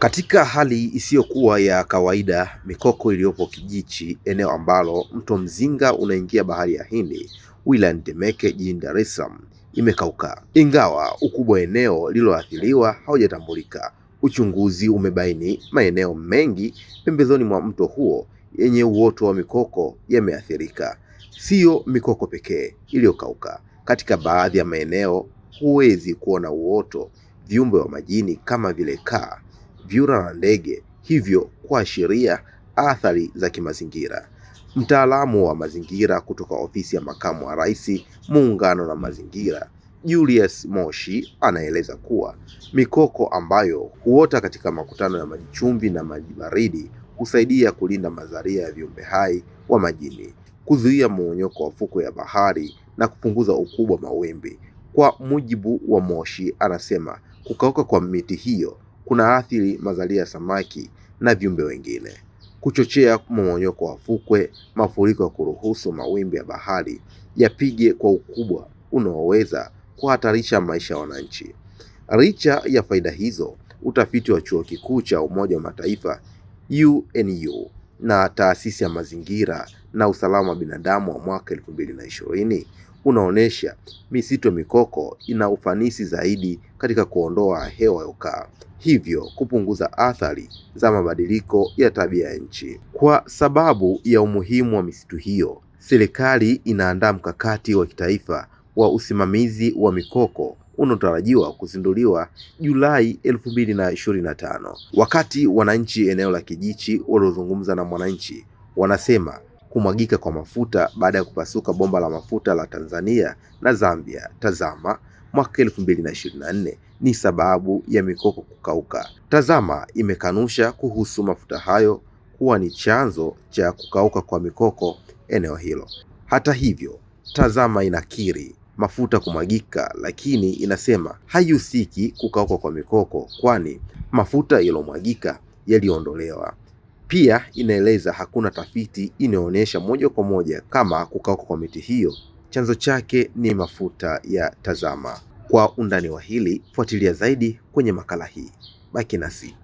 Katika hali isiyokuwa ya kawaida, mikoko iliyopo Kijichi, eneo ambalo mto Mzinga unaingia bahari ya Hindi wilayani Temeke jijini Dar es Salaam, imekauka, ingawa ukubwa wa eneo lililoathiriwa haujatambulika. Uchunguzi umebaini maeneo mengi pembezoni mwa mto huo yenye uoto wa mikoko yameathirika. Siyo mikoko pekee iliyokauka, katika baadhi ya maeneo huwezi kuona uoto viumbe wa majini kama vile kaa vyura na ndege, hivyo kuashiria athari za kimazingira. Mtaalamu wa mazingira kutoka ofisi ya makamu wa rais, muungano na mazingira, Julius Moshi anaeleza kuwa mikoko ambayo huota katika makutano ya maji chumvi na maji baridi husaidia kulinda mazalia ya viumbe hai wa majini, kuzuia mmomonyoko wa fukwe ya bahari na kupunguza ukubwa mawimbi. Kwa mujibu wa Moshi, anasema kukauka kwa miti hiyo kuna athiri mazalia ya samaki na viumbe wengine, kuchochea mmomonyoko wa fukwe, mafuriko ya kuruhusu mawimbi ya bahari yapige kwa ukubwa unaoweza kuhatarisha maisha ya wananchi. Licha ya faida hizo, utafiti wa chuo kikuu cha Umoja wa Mataifa UNU na Taasisi ya Mazingira na Usalama wa Binadamu wa mwaka elfu mbili na ishirini unaonesha misitu ya mikoko ina ufanisi zaidi katika kuondoa hewa ya ukaa, hivyo kupunguza athari za mabadiliko ya tabia ya nchi. Kwa sababu ya umuhimu wa misitu hiyo, serikali inaandaa mkakati wa kitaifa wa usimamizi wa mikoko unaotarajiwa kuzinduliwa Julai 2025. Wakati wananchi eneo la Kijichi waliozungumza na Mwananchi wanasema kumwagika kwa mafuta baada ya kupasuka bomba la mafuta la Tanzania na Zambia Tazama mwaka 2024 ni sababu ya mikoko kukauka. Tazama imekanusha kuhusu mafuta hayo kuwa ni chanzo cha kukauka kwa mikoko eneo hilo. Hata hivyo, Tazama inakiri mafuta kumwagika, lakini inasema haihusiki kukauka kwa mikoko, kwani mafuta yaliyomwagika yaliondolewa. Pia inaeleza hakuna tafiti inayoonyesha moja kwa moja kama kukauka kwa miti hiyo chanzo chake ni mafuta ya TAZAMA. Kwa undani wa hili, fuatilia zaidi kwenye makala hii. Baki nasi.